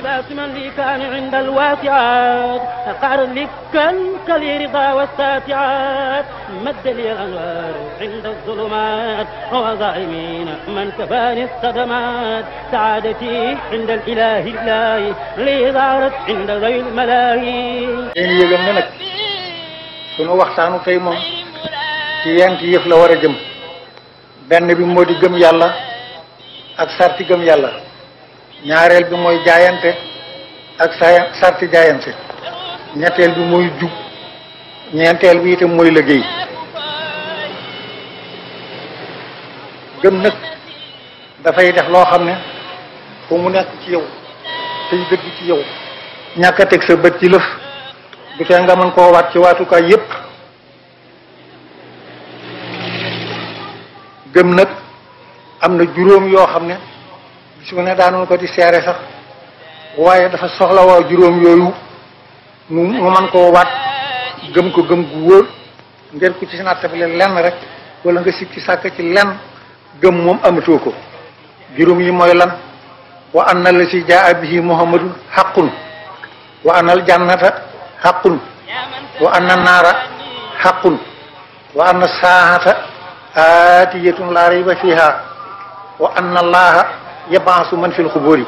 باسما لي كان عند الواسعات أقعر لك كالكلي رضا والساتعات مد لي الأنوار عند الظلمات وظالمين من كباني الصدمات سعادتي عند الإله الله لي ظهرت عند ذوي الملاهي yëgal ne nag sunu waxtaanu tey moom ci yent yëf la war a jëm benn bi moo di gëm yàlla ak sarti gëm yàlla ñaareel bi mooy jaayante ak saa sarti jaayante ñetteel bi mooy jub ñeenteel bi itam mooy liggéey gëm nag dafay def loo xam ne fu mu nekk ci yow tey dëgg ci yow ñàkk teg sa bët ci lëf du tee nga mën koo waat ci waatukaay yépp gëm nag am na juróom yoo xam ne bis mu ne daanoon ko di seere sax waaye dafa soxla waa juróom yooyu mu man koo waat gëm ko gëm gu wóor ngeen ku ci nattabile lenn rek wala nga sikki sàkk ci lenn gëm moom amatoo ko juróom yi mooy lan wa anna la si jaa bihi muhammadun xaqun wa annal jannata xaqun wa anna naara xaqun wa anna saahata aatiyatun laa rayba fiha wa anna allaha yebbansu man fil xubóor yi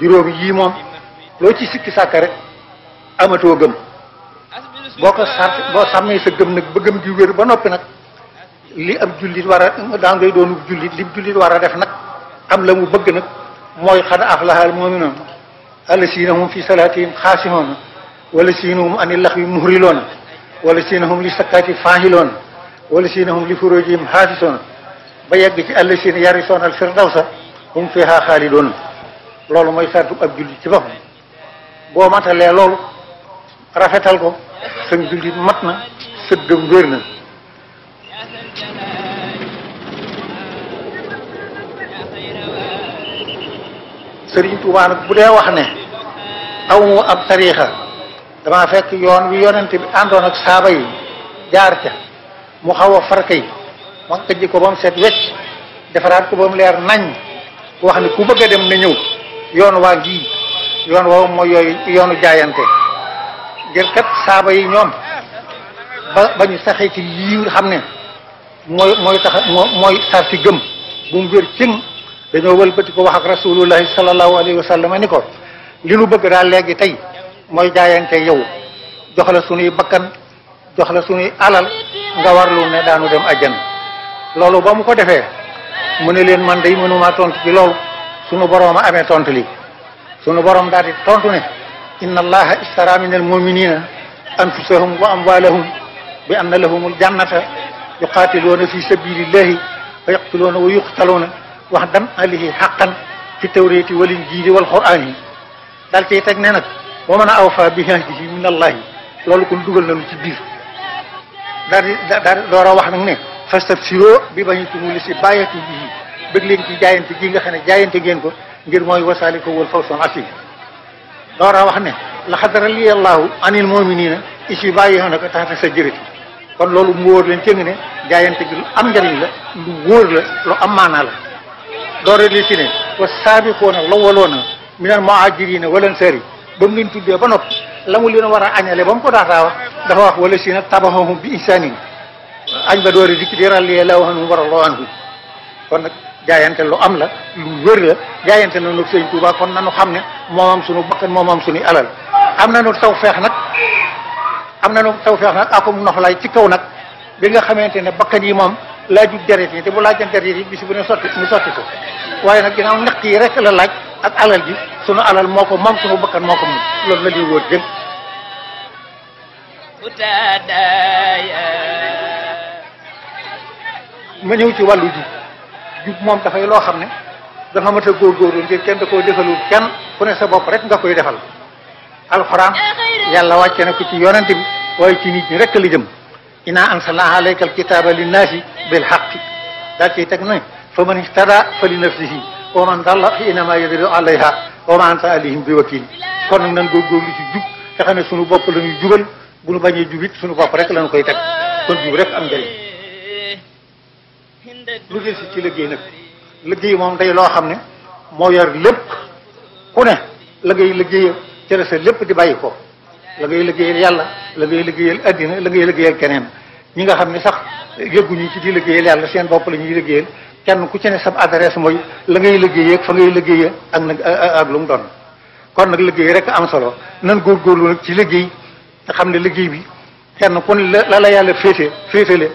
juróom yii moom loo ci sikki sàkka amatoo gëm boo ko sàr boo sàmmee sa gëm nag ba gëm di wér ba noppi nag li ab jullit war a daa ngay doonu jullit li jullit war a def nag am la mu bëgg nag mooy xad aflahal mu'minuun allasiina hum fi salaatihim xaasi'uun wallasiina hum ani laxwi muhriloon wallasiina hum li sakkaati faahiloon wallasiina hum li furuujihim xaafisuun ba yegg ci allasiina yarisoonal firdawsa hum fiha xaalidun loolu mooy sartu ab jullit ci boppam boo matalee loolu rafetal ko sa jullit mat na sëggam wér na sëriñ Tuubaa bu dee wax ne aw mu ab tariixa dama fekk yoon wi yonente bi àndoon ak saaba yi jaar ca mu xaw a farka yi mag ko ba mu set wecc defaraat ko ba mu leer nañ wax ni ku bëgg a dem na ñëw yoon waa ngi yoon woowu mooy yooyu yoonu jaayante ngir kat saaba yi ñoom ba ba ñu saxee ci lii nga xam ne mooy mooy tax mooy sar ci gëm bu mu cin dañoo wëlbati ko wax ak rasulullahi sallallahu alayhi wa sallam ni ko li nu bëgg daal léegi tey mooy jaayante yow jox la sunuy bakkan jox la sunuy alal nga warlu ne daanu dem ajjan loolu ba mu ko defee mu ne leen man day mënumaa tontu ci loolu sunu borom a amee tontu li sunu borom daal di tontu ne inna allaha istara min al muminina anfusahum wa amwalahum bi anna lahumul jannata yuqatiluuna fi sabilillahi wa yaqtuluuna wa yuqtaluuna wax dan alihi xaqan fi tawrati wal injili wal qur'aan yi daal cay teg ne nag wa man awfa bi ahdihi min allahi loolu kon dugal nañu ci biir daal di daal wax nag ne fastabsiroo bi bañitumul si bàyyatu bii bëgg leen ci jaayante gi nga xam ne jaayante ngeen ko ngir mooy wasaali ko wal fawsan asim doora wax ne la xadara li allahu anil i isi bàyyi na a taxata sa jërëti kon loolu mu wóor leen cëng ne jaayante gi am njariñ la lu wóor la lu am maanaa la doora li si ne wa saabiqoona lawaloona minal muhajirina wal ansari ba mu leen tuddee ba noppi la mu leen war a añale ba mu ko daataa wax dafa wax wala si añ ba door a dikk di ràlliee law anhu waraloo anhu kon nag jaayante lu am la lu wër la jaayante na nu sëñ Tuuba kon nanu xam ne moomam suñu bakkan moomam suñu alal am nanu taw feex nag am nanu taw feex nag akum noflaay ci kaw nag bi nga xamante ne bakkan yi moom laaju deret yi te bu laajan deret yi bis bu ne sotti ñu ko waaye nag ginnaaw ñaq yi rek la laaj ak alal ji sunu alal moo ko moom sunu bakkan moo ko moom loolu la ñuy wóor jëm ma ñëw ci wàllu jub jub moom dafay loo xam ne dafa mat a góorgóorlu ngir kenn da koo defalul can ku ne sa bopp rek nga koy defal alxuraan yàlla wàcce na ko ci yonent bi waaye ci nit ñi rek li jëm inaa anzalnaa alaykal kitaaba linnaasi bil haqqi daal ciy teg na fa man ihtada fa li nafsihi wa man dalla fa innamaa yadillu alayha wa maa anta alayhim bi wakiil kon nan góorgóorlu ci jub nga xam ne sunu bopp la ñuy jubal bu nu bañee jubit sunu bopp rek la koy teg kon jub lu dul ci liggéey nag liggéey moom day loo xam ne moo yor lépp ku ne la ngay liggéey ca sa lépp di bàyyi ko la ngay liggéeyal yàlla la ngay liggéeyal addina la ngay liggéeyal keneen ñi nga xam ne sax yëgguñu ci di liggéeyal yàlla seen bopp la ñuy liggéeyal kenn ku ci ne sam adresse mooy la ngay liggéeyee fa ngay liggéeyee ak nag ak lu mu kon nag liggéey rek am solo nan góorgóorlu nag ci liggéey nga xam ne liggéey bi kenn ku ne la la yàlla féete féetale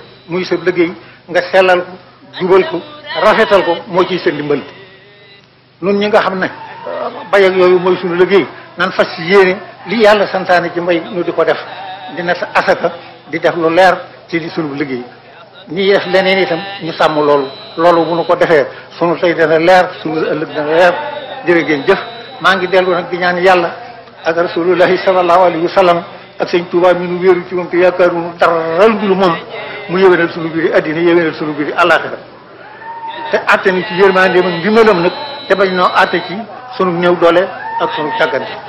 jubal ko rafetal ko moo ciy seen ndimbal nun ñi nga xam ne euh, bay ak yooyu mooy suñu liggéey nan fas yéene li yàlla santaane ci mbay ñu di ko def dina natt asaka di def lu leer ci li suñu liggéey ñi def leneen itam ñu sàmm loolu loolu bu nu ko defee suñu tey dana leer suñu ëllëg dana leer jërë ngeen jëf maa ngi dellu nag di ñaan yàlla ak rasulullahi sallallahu alayhi wa sallam ak sëñ Tuubaa mi nu wéeru ci moom te yaakaar nu daral dul moom mu yëwénal sunu biir addina yëwénal sunu biir àllaaxira te àtte ni ci yërmande ak ndimbalam nag te bañ noo àtte ci sunu néew doole ak sunu càggante